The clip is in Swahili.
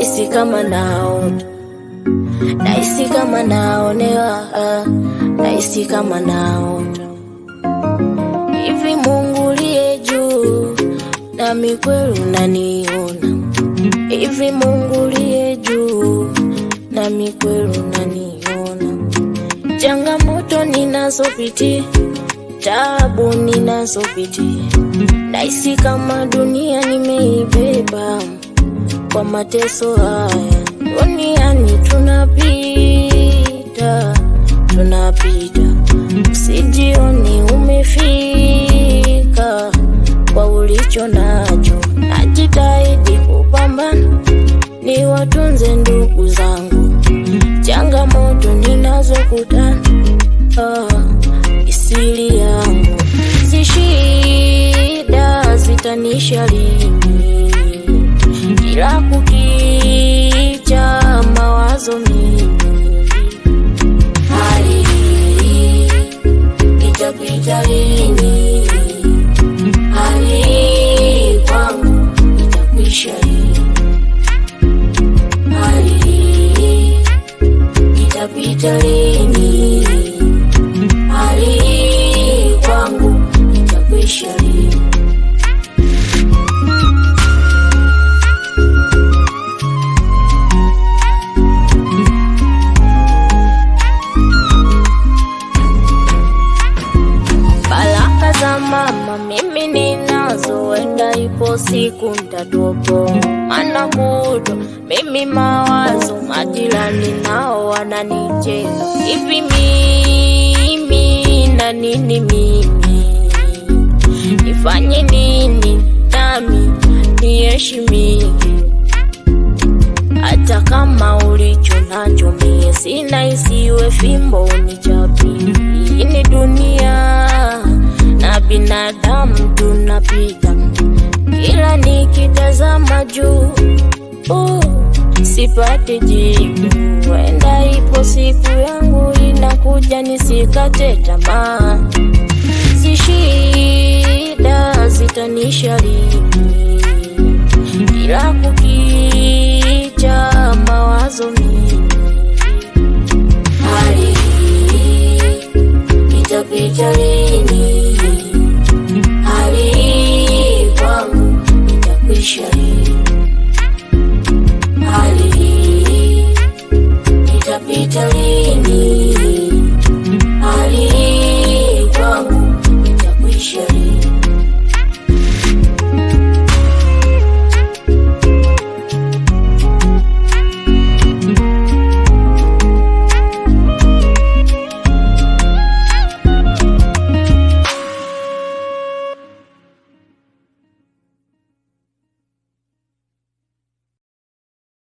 Naisi kama naona, naisi kama naonewa, ah, naisi kama naona hivi. Mungu liye juu, nami kweli unaniona hivi. Mungu liye juu, nami kweli unaniona. Changamoto ninazopitia, taabu ninazopitia, naisi kama dunia nimeibeba kwa mateso haya duniani tunapita, tunapita, usijioni umefika kwa ulicho nacho. Najitahidi kupambana ni watunze ndugu zangu, changamoto ninazokutana ah, isili yangu zishida shida zitanisha lini bila kukicha mawazo mimi, hali itapita lini? Hali kwangu itakwisha lini? Hali itapita lini? Hali kwangu itakwisha lini? mama, mimi ninazoenda, ipo siku nitatuopo mana kuto mimi mawazo majirani nao wananicheza hivi, mimi na nini mimi nifanye nini? Nami niheshimike hata kama ulicho nacho mie sina, isiwe fimbo unichapi ini dunia binadamu tunapiga, ila nikitazama juu uh, sipate jibu. Wenda ipo siku yangu inakuja nisikate tamaa, si shida zitanishariki, ila kukicha mawazo mingi hali itapita. hali hii itapita lini?